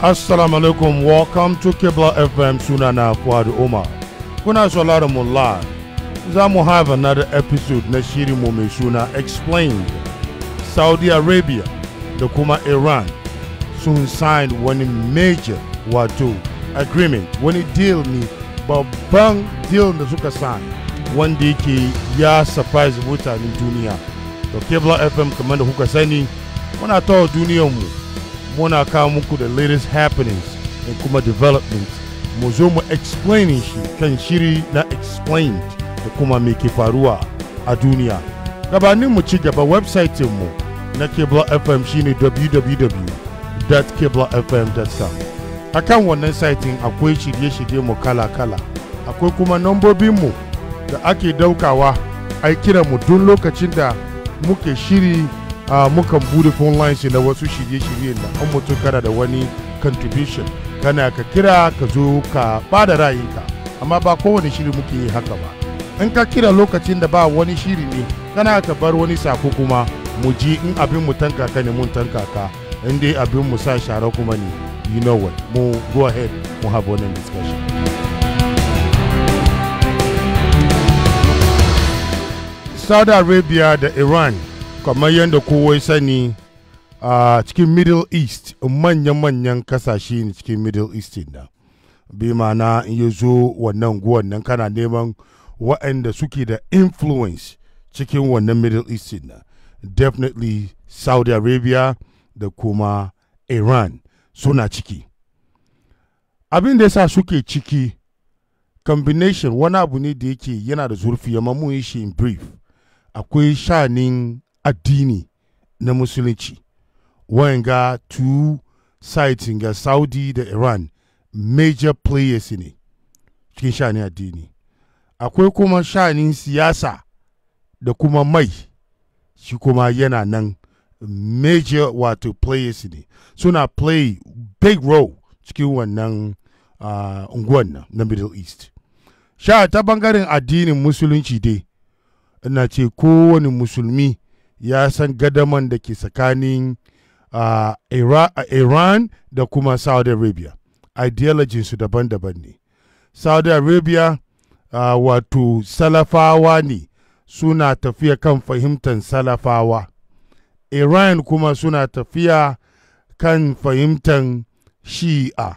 Assalamu alaikum, welcome to Kibla FM sunana Fuadu Umar. Kuna sauraron mu live. Za mu have another episode na shirin mu mai suna explain Saudi Arabia da kuma Iran sun sign wani major wato agreement wani deal ne babban deal da suka sign wanda yake ya surprise mutanen duniya. Da Kibla FM kamar da kuka sani muna tawa duniyanmu mu muna kawo muku da latest happenings da kuma development mu zo mu explaining shi kan shiri na explained da kuma me ke faruwa a duniya gabanin mu ci gaba website mu na kebla fm shine www.kablafm.com a kan wannan site akwai shirye-shirye mu kala-kala akwai kuma mu da ake daukawa ai kira mu duk lokacin da muke shiri mukan bude phone lines na wasu shirye-shirye da an mutu kana da wani contribution kana ka kira ka zo ka bada ra'ayinka amma ba kowane shiri muke yi haka ba in ka kira lokacin da ba wani shiri ne kana ka bar wani sako kuma mu ji in abin mu ka ne mun ka in dai abin mu sa shara kuma ne you know what mu go ahead mu have one discussion Saudi Arabia da Iran kamar yadda kowai sani a cikin middle east manyan-manyan kasashe ne cikin middle east da bi mana in ya zo wannan guwan nan kana neman waɗanda suke da influence cikin wannan middle east na definitely saudi arabia da kuma iran suna ciki abin da yasa suke ciki combination wani abu ne da yake yana da zurfi amma mun yi shi in brief akwai shanin addini na musulunci wayanga tu sites ga saudi da iran major players ne cikin sha'anin addini akwai kuma sha'anin siyasa da kuma mai shi kuma yana nan major wato players ne suna play big role cikin wannan unguwan uh, na middle east sha ta bangaren addinin musulunci dai ina ce kowane musulmi ya san gadaman da ke tsakanin uh, iran da kuma saudi arabia ideologinsu daban-daban ne saudi arabia uh, wato salafawa ne suna tafiya kan fahimtar salafawa iran kuma suna tafiya kan fahimtar shi'a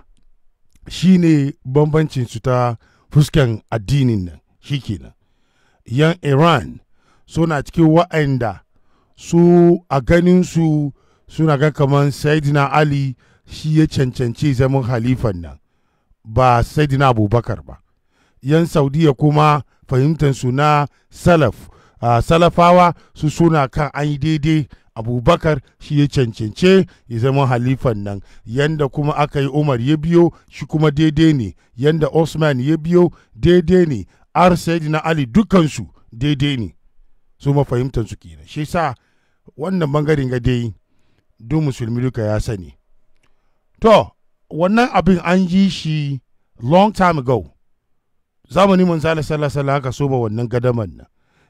shi ne bambancinsu ta fuskan addinin nan shi kenan yan iran suna cikin wa'anda su a ganinsu suna ga kamar saidina ali shi ya cancanci zaman halifan nan ba saidina abubakar ba yan saudiya kuma fahimtansu na salaf uh, salafawa su suna kan an yi daidai abubakar shi ya cancance ya zama halifan nan yanda kuma aka yi umar ya biyo shi kuma daidai ne yanda osman ya biyo daidai ne ar saidina ali dukansu daidai ne su mafahimtansu kenan shi sa wannan bangaren ga dai duk musulmi duka ya sani to wannan abin an yi shi long time ago zamanin manzala sallallahu alaihi haka soba wannan gadaman nan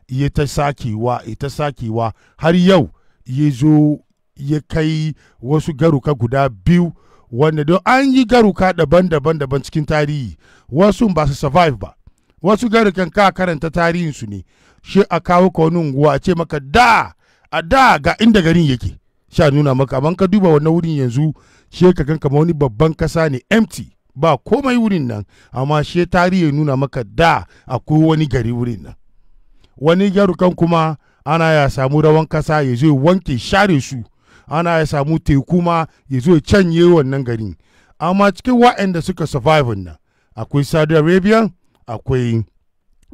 ya ta sakewa ya ta sakewa har yau ya zo ya kai wasu garuka guda biyu wanda don an yi garuka daban-daban daban cikin tarihi wasu ba su survive ba wasu garukan ka karanta tarihinsu ne shi a kawo ka wani unguwa ce maka da a da ga inda garin yake sha nuna maka amma ka duba wannan wurin yanzu she ka gan kamar wani babban kasa ne empty ba komai wurin nan amma she tarihi nuna maka da akwai wani gari wurin nan wani yarukan kuma ana ya samu rawan kasa ya zo wanke share su ana ya samu teku ma ya zo canye wannan garin amma cikin waɗanda suka survive nan akwai saudi arabia akwai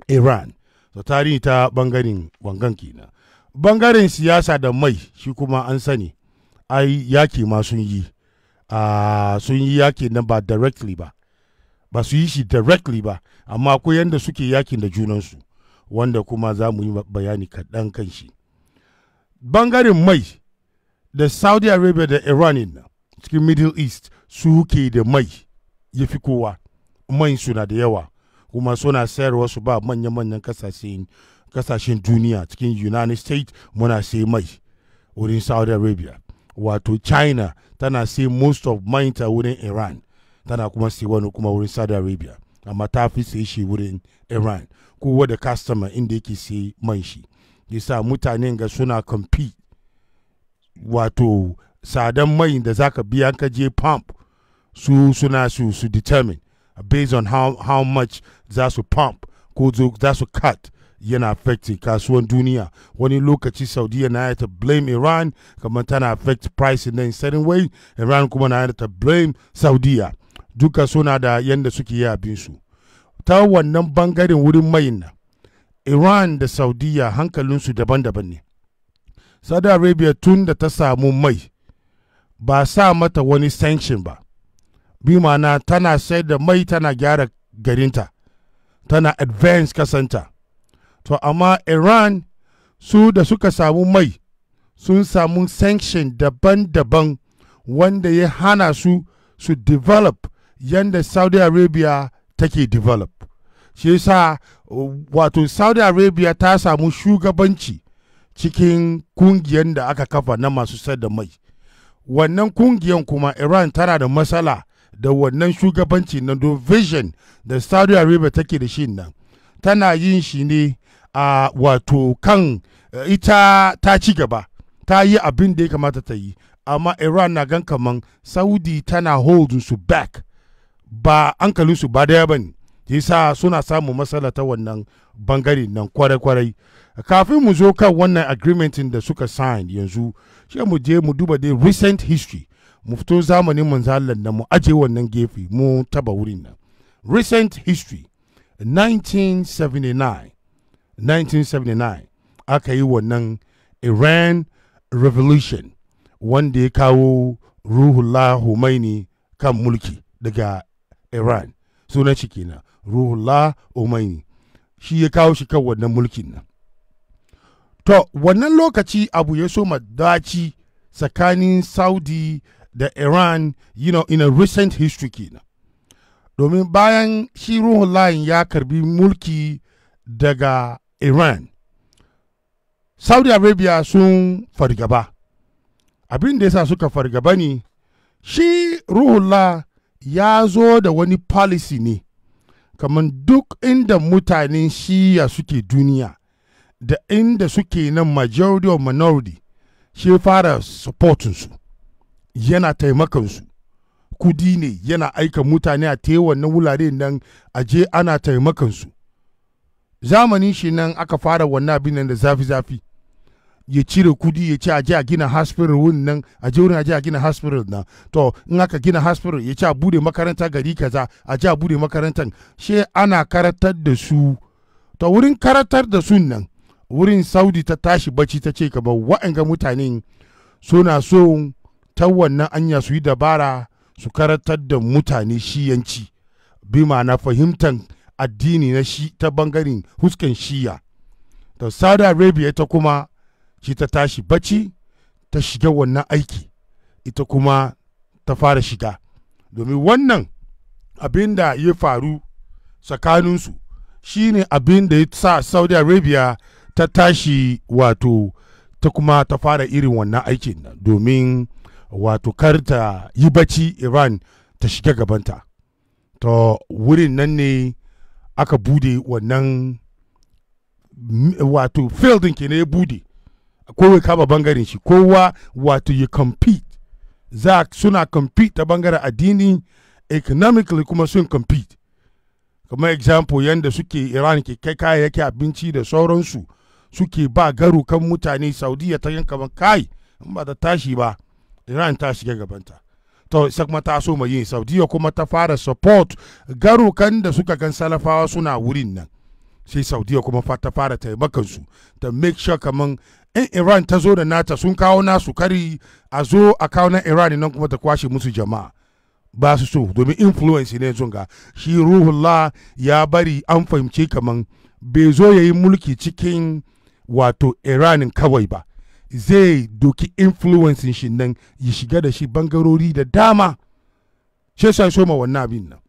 iran so tarihi ta bangaren wangan kenan bangaren siyasa da mai shi kuma an sani ai yaki ma sun yi ah, sun yi yaki nan ba directly ba ba su yi shi directly ba amma akwai yadda suke yakin da junansu wanda kuma za mu yi bayani kaɗan kan shi bangaren mai da saudi arabia da iran cikin middle east su ke da mai ya fi kowa mai suna da yawa kuma suna sayarwa su ba manya-manyan kasashen kasashen duniya cikin united states muna sai mai wurin saudi arabia wato china tana sai most of ta wurin iran tana kuma sai wani kuma wurin saudi arabia amma ta fi sai shi wurin iran ko da customer inda yake sai man shi yasa mutane ga suna compete wato sadan mai da zaka biya ka je pump su suna su su determine based on how, how much za su pump ko za su cut yana affect kasuwan duniya wani lokaci saudiya na ta blame iran kamar tana affect price in certain way iran kuma na ta blame saudiya duka suna da yadda suke yi su ta wannan bangaren wurin mai na iran da saudiya hankalinsu daban-daban ne saudi arabia tun da ta samu mai ba sa mata wani sanction ba bi ma'ana tana sayar da mai tana gyara garinta tana advance kasanta to amma iran su da suka samu mai sun samu sanction daban-daban wanda ya hana su su develop yadda saudi arabia take develop shi yasa wato saudi arabia ta samu shugabanci cikin kungiyar da aka kafa na masu sayar da mai wannan kungiyar kuma iran tana da matsala da wannan shugabanci na vision da saudi arabia take da shi nan tana yin shi ne a wato kan eh, ita ta ci gaba ta yi abin da ya kamata ta yi amma iran na gan kaman saudi tana holding su back ba an su ba daya ba ne yasa suna samun matsala ta wannan bangare nan kwarai-kwarai kafin mu zo kan wannan agreementin da suka sign yanzu shi mu je mu duba dai recent history mu fito zamanin manzalan nan mu aje wannan gefe mu taba wurin nan recent history 1979 1979 aka yi wannan iran revolution wanda ya kawo ruhullah Khomeini kan mulki daga iran sunan shi kenan ruhullah Khomeini shi ya kawo shi kan wannan mulkin nan to wannan lokaci abu ya so daci tsakanin saudi da iran you know in a recent history kenan domin bayan shi ruhullah ya karbi mulki daga iran saudi arabia sun fargaba abin da yasa suka fargaba ne shi ruhullah ya zo da wani policy ne kamar duk inda mutanen shiya suke duniya da inda suke nan majority or minority shi fara supportinsu yana taimakansu kudi ne yana aika mutane a tewa na wulare nan aje ana taimakansu zamanin shi nan aka fara wannan abin nan da zafi-zafi ya cire kudi ya ce aje a gina hospital wurin nan aje wurin aje a gina hospital na to in aka gina hospital ya ce a bude makaranta gari kaza a ji a bude makarantar she ana karatar da su to wurin karatar da su nan wurin saudi ta tashi bacci ta ce kamar wa'anga mutanen suna so ta wannan anya su yi dabara su karatar da mutane shiyanci bi na fahimtar addini na shi ta bangaren husken shiya da saudi arabia ita kuma shi ta tashi bacci ta shiga wannan aiki ita kuma ta fara shiga domin wannan abin da ya faru tsakaninsu shi ne abin da ya sa saudi arabia ta tashi wato ta kuma ta fara irin wannan aikin domin wato kar ta yi bacci iran ta shiga gabanta to wurin nan ne aka bude wannan wato fieldin ke ya bude kowai kaba bangaren shi kowa wato ya compete za suna compete ta bangaren addini economically kuma sun compete kamar example yadda suke iran ke kai kayayyaki abinci da sauransu suke ba kan mutane saudiya ta yanka kai ba ta tashi ba iran ta shiga gabanta to sai kuma ta so ma yin saudiya kuma ta fara support garukan da suka gan salafawa suna wurin nan sai saudiya kuma ta fara taimakon su ta make sure kaman in iran ta zo da nata sun kawo nasu kari a zo a kawo na iran nan kuma ta kwashe musu jama'a ba su so domin influence ne zunga shi ruhullah ya bari an fahimci kaman bai zo yayi mulki cikin wato iranin kawai ba zai doki influencing shi nan ya shiga da shi bangarori da dama shi sai soma wannan abin nan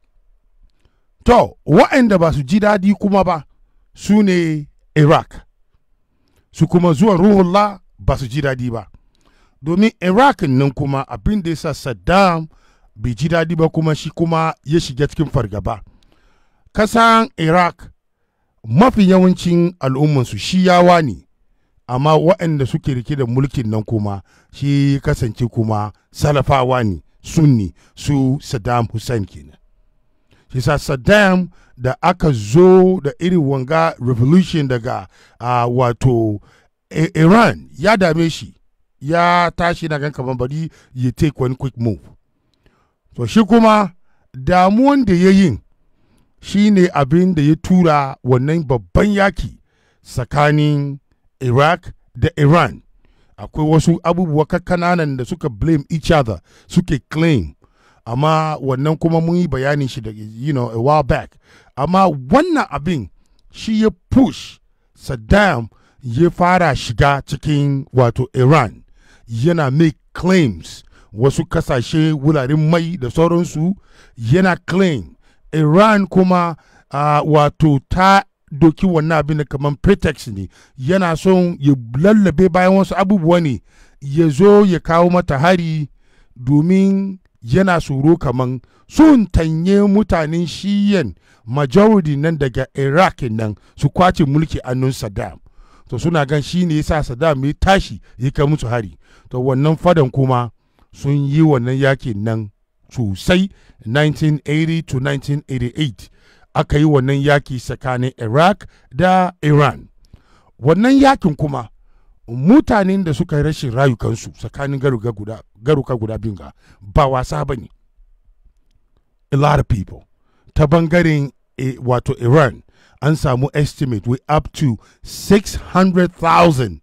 to wa'anda ba su ji daɗi kuma ba su ne iraq su kuma zuwa ruhullah ba su ji daɗi ba domin iraq nan kuma abin da yasa saddam bai ji daɗi ba kuma shi kuma ya shiga cikin fargaba kasan iraq mafi yawancin al'ummansu shiyawa ne amma waɗanda suke rike da mulkin nan kuma shi kasance kuma salafawa ne sunni su saddam hussein kenan shi sa saddam da aka zo da irin wanga revolution daga uh, wato iran ya dame shi ya tashi na gan kamar bari ya take one quick move to shi kuma damuwan da ya yin shi ne abin da ya tura wannan babban yaki tsakanin iraq da iran akwai wasu abubuwa kakananan da suka blame each other suke claim amma wannan kuma mun yi bayani shi da you know a while back amma wannan abin shi ya push saddam ya fara shiga cikin wato iran yana make claims wasu kasashe wuraren mai da sauransu yana claim iran kuma uh, wato ta doki wannan abin da kamar pretext ne yana son ya lallabe bayan wasu abubuwa ne ya zo ya kawo mata hari domin yana tsoro kaman sun tanye mutanen shiyan majority nan daga iraq nan su kwace mulki annun saddam to suna gan shi ne sa saddam ya tashi ya kai musu hari to wannan fadan kuma sun yi wannan yakin nan sosai 1980 to 1988 aka yi wannan yaki tsakanin iraq da iran wannan yakin kuma mutanen da suka yi rashin rayukansu tsakanin garuka guda biyun ga ba wasa ba ne a lot of people ta bangaren e, wato iran an samu estimate with up to 600,000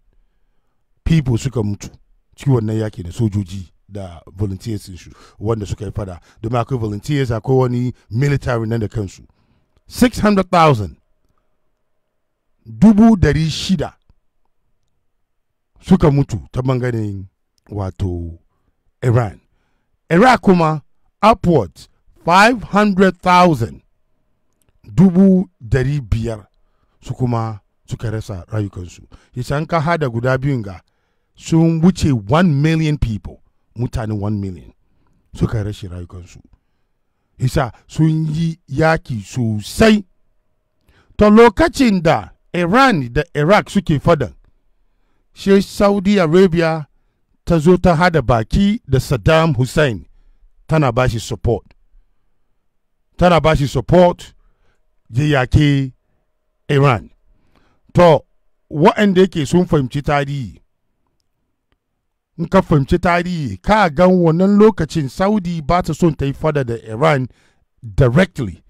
people suka mutu cikin wannan yaki da sojoji da volunteers su wanda suka yi fada domin akwai volunteers akwai wani military nan da kansu 600,000 shida suka mutu ta bangaren wato iran iraq kuma upwards 500,000 dubu dari biyar su kuma suka rasa rayukansu yasan ka hada guda biyun ga sun wuce 1 million people mutane 1 million suka rashi rayukansu isa sun yi yaki sosai to lokacin da iran da iraq suke fadan she saudi arabia ta zo ta hada baki da saddam hussein tana ba shi support tana ba shi support ya yaki iran to waɗanda yake sun fahimci tarihi in ka fahimci tarihi ka gan wannan lokacin saudi ba ta son ta yi fada da iran directly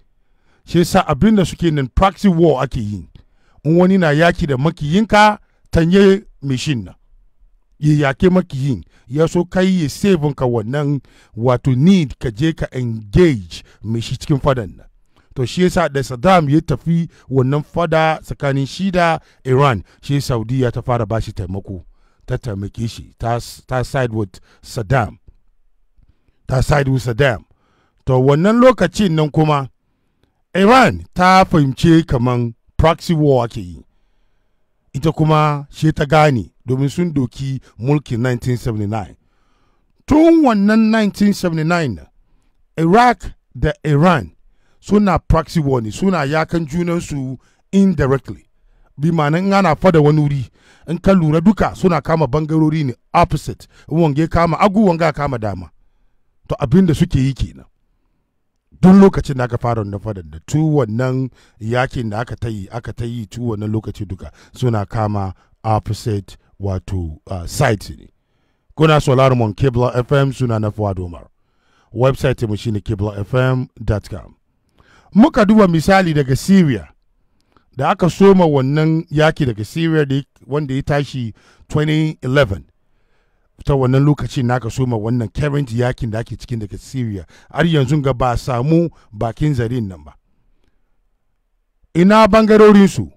shi sa abin da suke nan proxy war ake yi in wani na yaki da makiyinka tanye mishin na ya yake makiyin ya so kai ya saving ka wannan wato need ka je ka engage mishi cikin fadan nan to shi yasa da Saddam ya tafi wannan fada tsakanin shi da Iran shi ya ta fara bashi taimako ta taimake shi ta side with saddam ta side with saddam to wannan lokacin nan kuma iran ta fahimce kaman proxy war ake yi ita kuma she ta gane domin sun doki mulkin 1979 tun wannan 1979 iraq da iran suna proxy war ne suna yakan junansu indirectly bi ma'anin ana fada wani wuri in ka lura duka suna kama bangarori ne opposite wange kama agu wanga kama dama to abin da suke yi kenan duk lokacin da aka fara wannan fadar da tu wannan yakin da aka ta yi aka ta yi tu wannan lokaci duka suna kama opposite wato uh, site ne kuna mon kibla fm suna na fuwa domar website mu shine kiblafm.com muka duba misali daga syria da aka soma wannan yaki daga syria wanda ya tashi 2011 ta wannan lokaci na aka soma wannan current yakin da ake cikin daga syria har yanzu ga ba samu bakin zarin nan ba ina bangarorinsu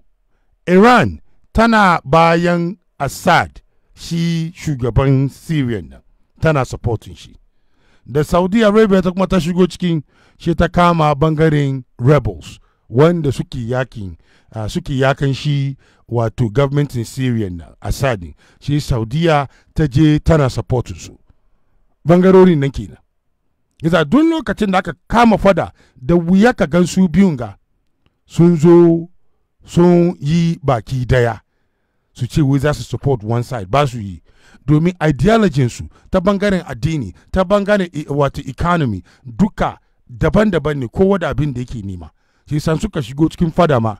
iran tana bayan assad shi shugaban syria nan tana supporting shi da saudi arabia ta kuma ta shigo cikin shi ta kama bangaren rebels wanda suke yakin uh, suke yakan shi wato gwamnatin syria na assad shi saudiya ta je tana supportin su bangarorin nan kenan yasa duk lokacin da aka kama fada da wuya ka gan su biyun ga sun zo sun yi baki daya su ce wai za su support one side ba su yi domin ideologinsu ta bangaren addini ta bangaren e, wato economy duka daban-daban ne kowa da abin da yake nema shi san suka shigo cikin fada ma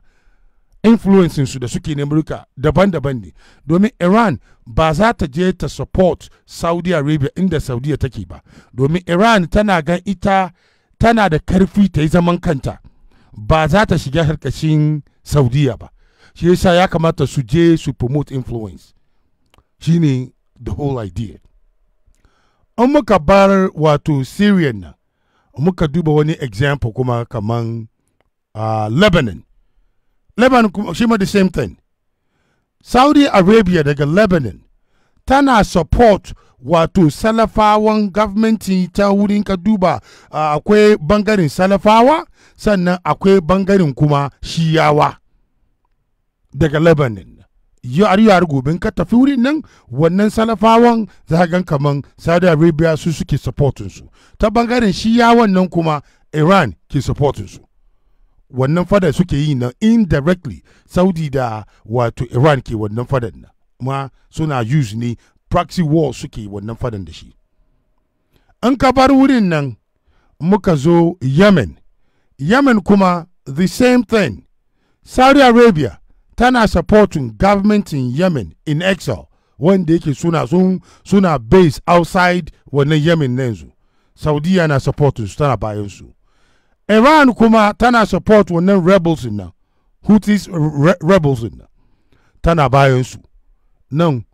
influencing su da suke na amurka daban-daban ne domin iran ba za ta je ta support saudi arabia inda saudiya take ba domin iran tana gan ita tana da karfi ta yi zaman kanta ba za ta shiga harkashin saudiya ba shi yasa ya kamata su je su promote influence ne the whole idea in muka bar wato syrian nan muka duba wani example kuma kaman uh, Lebanon. Lebanon shi ma the same thing. Saudi Arabia daga Lebanon tana support wato salafawan gwamnati ta wurin ka duba uh, akwai bangaren salafawa sannan akwai bangaren kuma shiyawa daga Lebanon. you are gobe ka tafi wurin nan wannan salafawan za gan kaman Saudi Arabia su suke supportin su ta bangaren shiyawan nan kuma Iran ke supportin su wannan fada suke yi na indirectly saudi da wato iran ke wannan fadan na ma suna use ne proxy war suke wannan fadan da shi an ka bar wurin nan muka zo yemen yemen kuma the same thing saudi arabia tana supporting government in yemen in exile wanda yake suna sun suna base outside wannan yemen na yanzu saudiya na supporting su tana bayan su iran kuma tana support wannan rebels nan houthis re rebels nan tana bayan su nan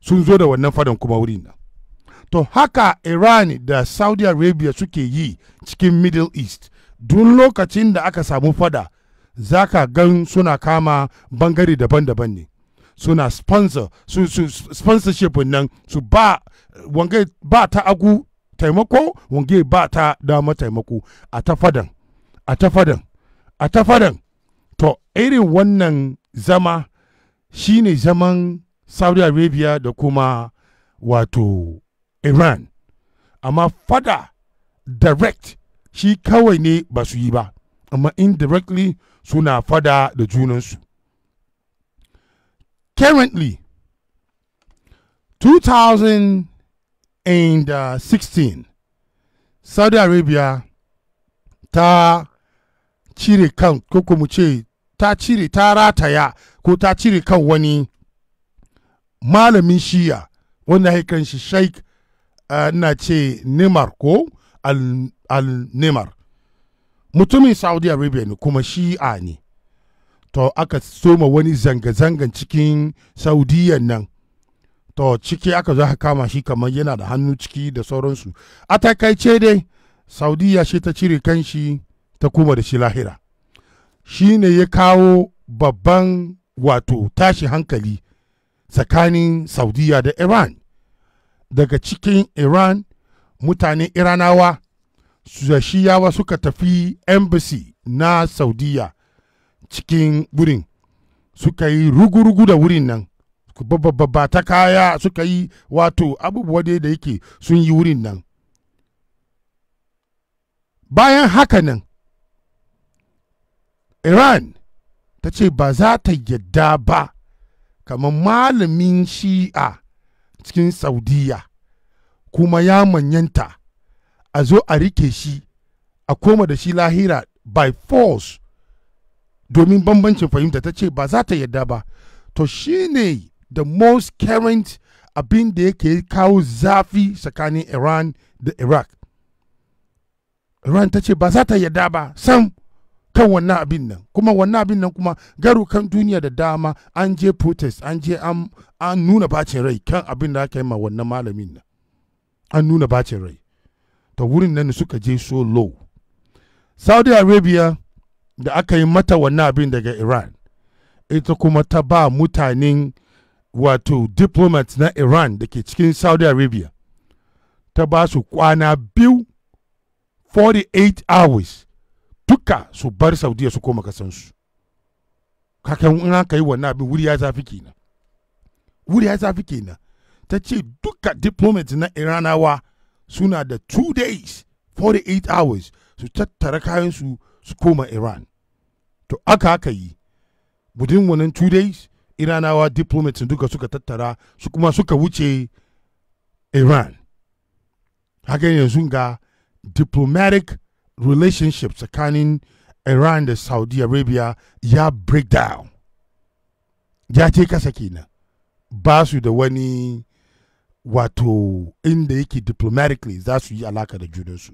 sun zo da wannan fadan kuma wuri nan to haka iran da saudi arabia suke yi cikin middle east duk lokacin da aka samu fada za ka gan suna kama bangare daban-daban ne suna sponsor su, su sponsorship nan su ba wange ba ta agu taimako wange ba ta dama taimako a ta fadan a fadan a fadan to irin wannan zama shine zaman saudi arabia da kuma wato iran amma fada direct shi kawai ne ba su yi ba amma indirectly suna fada da junansu currently 2016 saudi arabia ta cire kan ko kuma ce ta cire ta rataya ko ta cire kan wani malamin shiya wanda ya kan shi sheikh uh, eh, na ce nimar ko al-nimar mutumin saudi arabia ne kuma shi'a ne to aka soma wani zanga-zangan cikin saudiyan nan to ciki aka za kama shi kamar yana da hannu ciki da sauransu a takaice dai saudiya shi ta cire kan shi. ta kuma da shi lahira shi ne ya kawo babban wato tashi hankali tsakanin saudiya da iran daga cikin iran mutane iranawa da shiyawa suka tafi embassy na saudiya cikin wurin suka yi rugu-rugu da wurin nan babba ta kaya suka yi wato abubuwa da yake sun yi wurin nan bayan haka nan iran ta ce ba za ta yadda ba kamar malamin shi'a cikin saudiya kuma ya manyanta a zo a rike shi a koma da shi lahira by force domin bambancin fahimta ta ce ba za ta yadda ba to shi ne the most current abin da yake kawo zafi tsakanin iran da iraq iran ta ce ba za ta yadda ba sam kan wannan abin nan kuma wannan abin nan kuma kan duniya da dama an je protest an je an nuna bacin rai kan abin da aka yi ma wannan malamin nan an nuna bacin rai ta wurin nan suka je so low saudi arabia da aka yi mata wannan abin daga iran ita kuma ta ba mutanen wato diplomats na iran da ke cikin saudi arabia ta ba su kwana biyu 48 hours duka su bar saudiya su koma kasansu kakan in aka yi wannan abin wuri ya zafi kenan wuri ya zafi kenan ta ce duka diplomat na iranawa suna da two days 48 hours su tattara kayansu su koma iran to aka aka yi budin wannan two days iranawa diplomats duka suka tattara su kuma suka wuce iran haka yanzu ga diplomatic relationship tsakanin iran da saudi arabia ya break down ya ce kasa kenan ba su da wani wato inda yake diplomatically za su yi alaka da junansu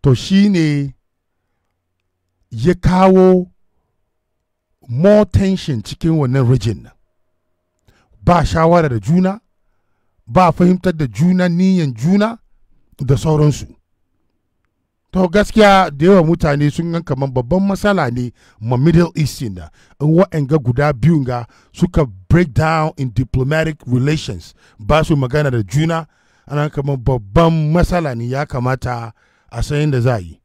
to shi ne ya kawo more tension cikin wannan region nan ba shawara da juna ba fahimtar da juna niyan juna da sauransu to gaskiya da yawa mutane sun gan kamar babban matsala ne ma middle east na in ga guda biyu ga suka break down in diplomatic relations ba su magana da juna ana kamar babban matsala ne ya kamata a sayin da za yi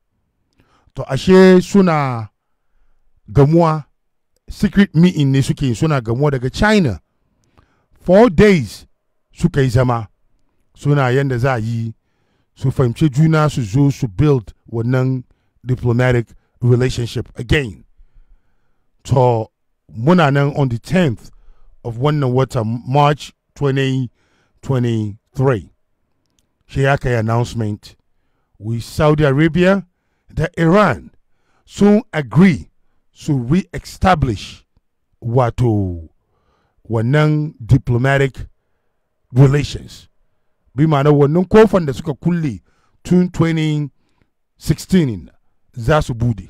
to ashe suna gamuwa secret meeting ne suke suna gamuwa daga china four days suka yi zama suna yadda za yi su fahimci juna su zo su build wannan diplomatic relationship again to muna nan on the 10th of wannan wata march 2023 shi ya kai announcement with saudi arabia da iran soon agree su re-establish wato wannan diplomatic relations bi ma'ana wannan kofan da suka kulle tun 20 16 za su bude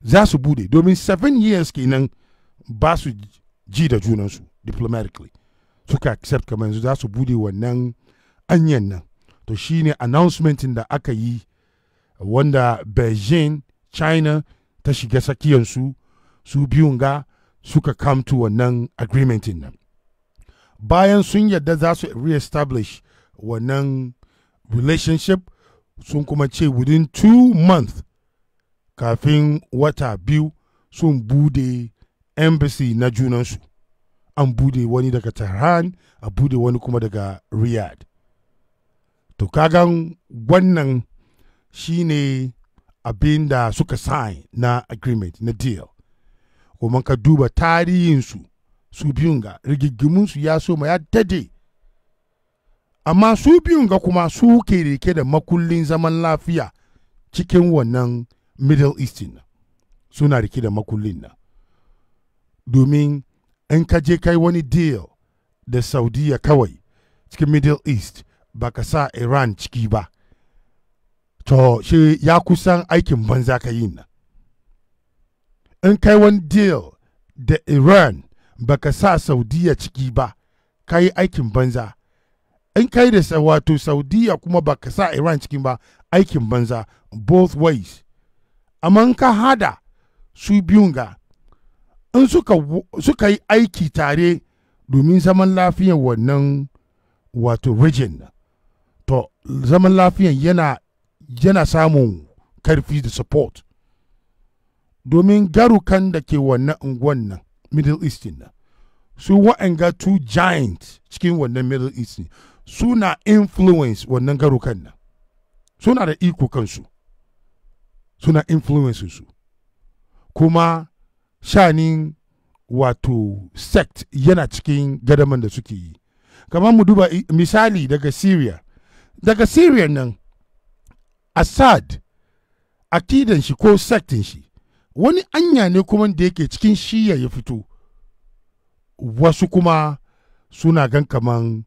za su bude domin 7 years kenan ba su ji da junansu diplomatically suka accept kamar yanzu za su bude wannan anyan nan to shine announcement da aka yi wanda beijing china ta shiga sakiyansu su biyun ga suka come to wannan agreement nan bayan sun yadda za su reestablish wannan relationship sun kuma ce within two months kafin wata biyu sun bude embassy na junansu an bude wani daga tehran a bude wani kuma daga riyadh to kagan wannan shine abin da suka sign na agreement na deal kuma ka duba tarihinsu su biyun ga rigigiminsu ya soma ya dade amma su biyun ga kuma su ke rike da makullin zaman lafiya cikin wannan middle east na suna rike da makullin na domin in ka je kai wani deal da saudiya kawai cikin middle east ba ka sa iran ciki ba to shi ya kusan aikin banza ka yi nan in kai wani deal da iran ba ka sa saudiya ciki ba ka yi aikin banza in kai da wato saudiya kuma ba ka sa iran cikin ba aikin banza both ways amma in ka hada su biyun ga in suka yi aiki tare domin zaman lafiyan wannan wato region to zaman lafiyan yana yana samun karfi da support domin garukan da ke wannan unguwan nan middle east nan su wa'anga two giants cikin wannan middle east suna influence wannan garukan nan suna da iko kansu suna influence su kuma shanin wato sect yana cikin gadaman da suke yi kamar mu duba misali daga syria daga syria nan assad akidan shi ko sectin shi wani anya ne kuma da yake cikin shiya ya fito wasu kuma suna gan kaman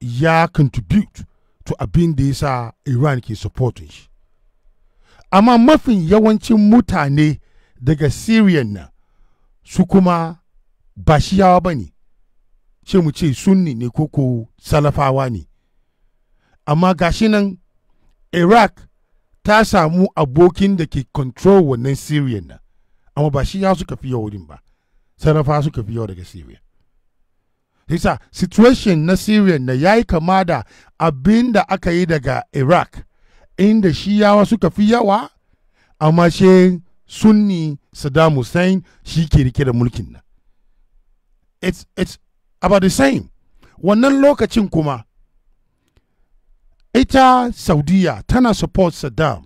ya contribute to abin da ya iran ke support shi amma mafin yawancin mutane daga syrian na su kuma ba shiyawa ba ne ce mu ce sunni ne ko ko salafawa ne amma gashi nan iraq ta samu abokin da ke control wannan syrian nan amma ba shi ya suka fi yau ba sarrafa suka fi yawa daga syria Isa situation na Syria na ya yi kama da abin da aka yi daga Iraq, inda shiyawa suka fi yawa, amma she sunni Saddam Hussein shi ke rike da mulkin nan. It's, it's about the same. Wannan lokacin kuma, ita Saudiya tana support Saddam,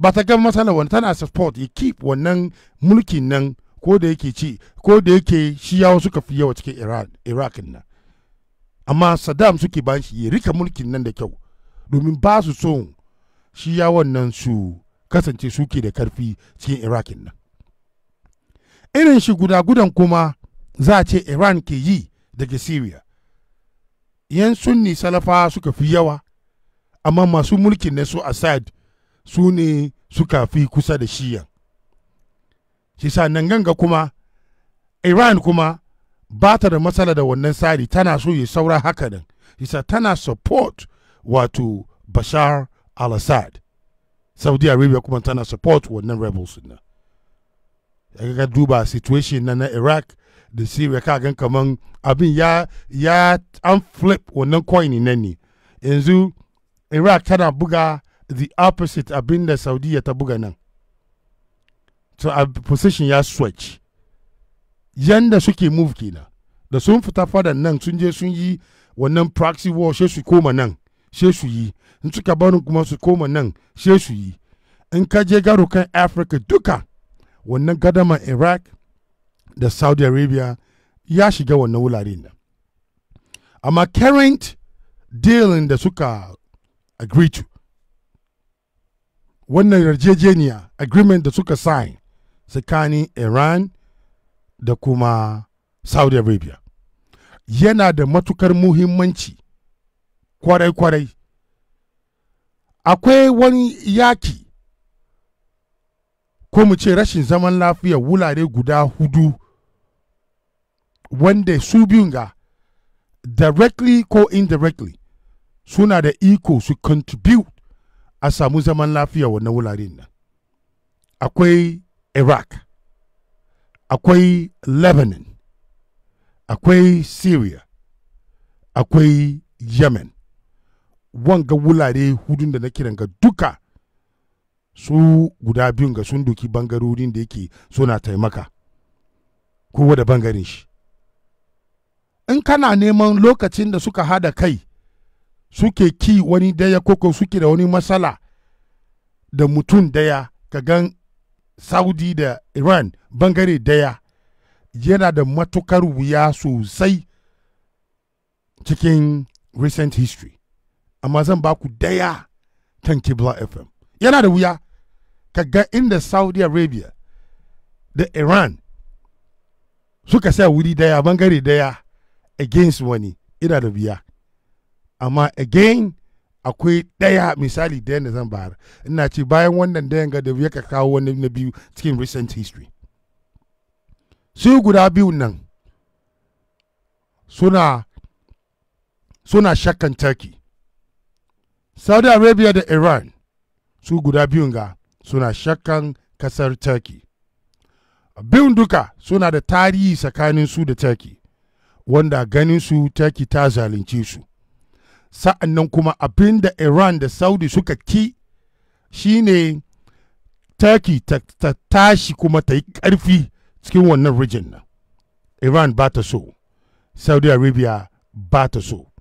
ba ta ga matsala wani tana support ya keep wannan mulkin nan ko da yake ci ko da yake shi suka fi yawa cikin iraq nan amma saddam suke ba shi ya rika mulkin nan da kyau domin ba su son shi yawon nan su kasance suke da karfi cikin iraq nan irin shi guda-gudan kuma za a ce iran ke yi daga syria yan sunni salafa suka fi yawa amma masu mulkin na su assad su ne suka fi kusa da shiyan shi sa nan ganga kuma iran kuma ba ta da matsala da wannan tsari tana so ya saura haka nan shi tana support wato bashar al-assad saudi arabia kuma tana support wannan rebels na ga duba situation na na iraq da syria ka gan kaman abin ya ya an flip wannan coin nan ne yanzu iraq tana buga the opposite abin da saudiya ta buga nan position ya switch yanda suke move kenan da sun fita fadan nan sun je sun yi wannan proxy war she su koma nan she su yi in suka barin kuma su koma nan she su yi in ka je garo kan africa duka wannan gadaman iraq da saudi arabia ya shiga wannan wulare nan amma current dealing da suka agree to wannan yarjejeniya agreement da suka sign tsakanin iran da kuma saudi arabia yana da matukar muhimmanci kwarai-kwarai akwai wani yaki ko mu ce rashin zaman lafiya wulare guda hudu wanda su biyun ga directly ko indirectly suna da iko su contribute a samu zaman lafiya wannan wularen nan akwai iraq akwai lebanon akwai syria akwai yemen wanga wulare hudun da na kiran ga duka su guda biyun ga sun doki bangarorin da yake suna taimaka kowa da bangaren shi in kana neman lokacin da suka hada kai suke ki wani daya koko suke da wani matsala da mutum daya ka gan saudi da iran bangare daya yana da matukar wuya sosai cikin recent history amma zan baku daya kan kibla fm yana da wuya ka ga inda saudi arabia da iran suka sa wuri daya bangare daya against wani ina da wuya amma again akwai ɗaya misali ɗayan da zan bayar ina ce bayan wannan dayan ga da ya kawo wani na biyu cikin recent history su guda biyun nan suna suna shakkan turkey saudi arabia da iran su guda biyun ga suna shakkan kasar turkey biyun duka suna da tarihi tsakanin su da turkey wanda ganin su turkey ta zalunce su sa'annan kuma abin da iran da saudi suka ki shine turkey ta, ta tashi kuma ta yi ƙarfi cikin wannan rijin na iran ba ta so saudi arabia ba ta so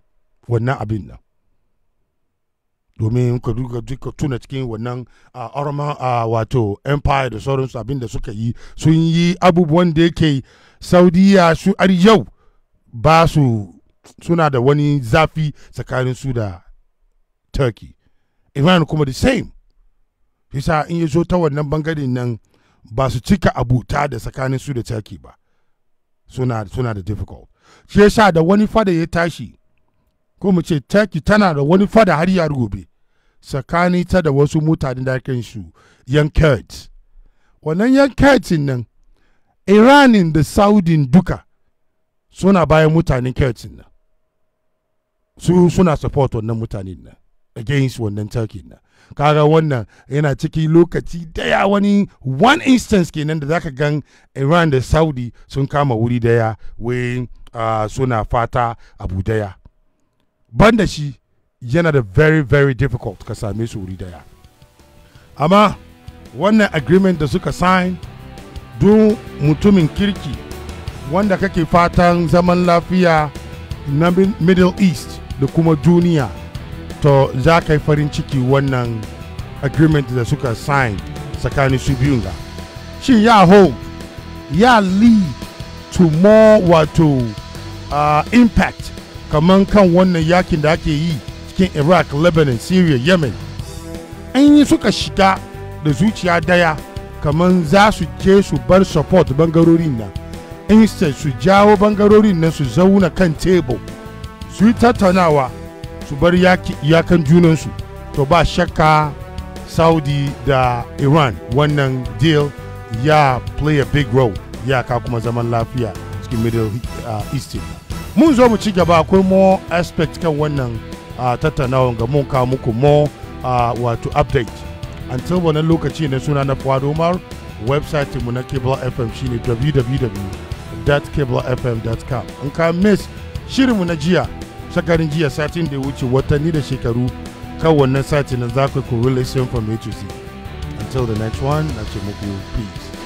wannan abin nan domin ka duka tuna cikin wannan a a wato empire da sauransu abin da suka yi sun yi abubuwan da yake saudiya su har yau ba su suna da wani zafi tsakanin su da turkey iran kuma the same sa in ya zo ta wannan bangaren nan ba su cika abuta da tsakanin su da turkey ba suna, suna da difficult shi yasa da wani fada ya tashi ko mu ce turkey tana da wani fada har ya gobe tsakanin ta da wasu mutane da kan su yan kurds wannan yan kurds nan iranin da saudin duka suna bayan mutanen kurds nan su suna support wannan mutane na against wannan turkey na kaga wannan yana ciki lokaci daya wani one instance kenan da zaka gan iran da saudi sun kama wuri daya wai uh, suna fata abu daya banda shi yana da very very difficult ka same su wuri daya amma wannan agreement da suka sign duk mutumin kirki wanda kake fatan zaman lafiya na middle east da kuma duniya to za ka yi farin ciki wannan agreement da suka sign tsakanin su biyun ga shi ya hope ya lead to more wato uh, impact kamar kan wannan yakin da ake yi cikin iraq lebanon syria yemen an yi suka shiga da zuciya daya kamar za su je su bar support bangarorin na instead su jawo bangarorin na su zauna kan table su yi tattaunawa su bar iyakan junansu to ba shakka saudi da iran wannan deal ya play a big role iyaka kuma zaman lafiya cikin middle uh, east mun zo mu ci gaba akwai more aspect kan wannan uh, tattaunawa ga mun kawo muku more uh, wato update until wannan lokaci na suna na Fuad Umar website mu na Cable FM shine www.cablefm.com in ka miss shirinmu na jiya shakarin jiya satin da ya wuce watanni da shekaru kan wannan satin na za correlation for A Until the next one, na ce muku peace.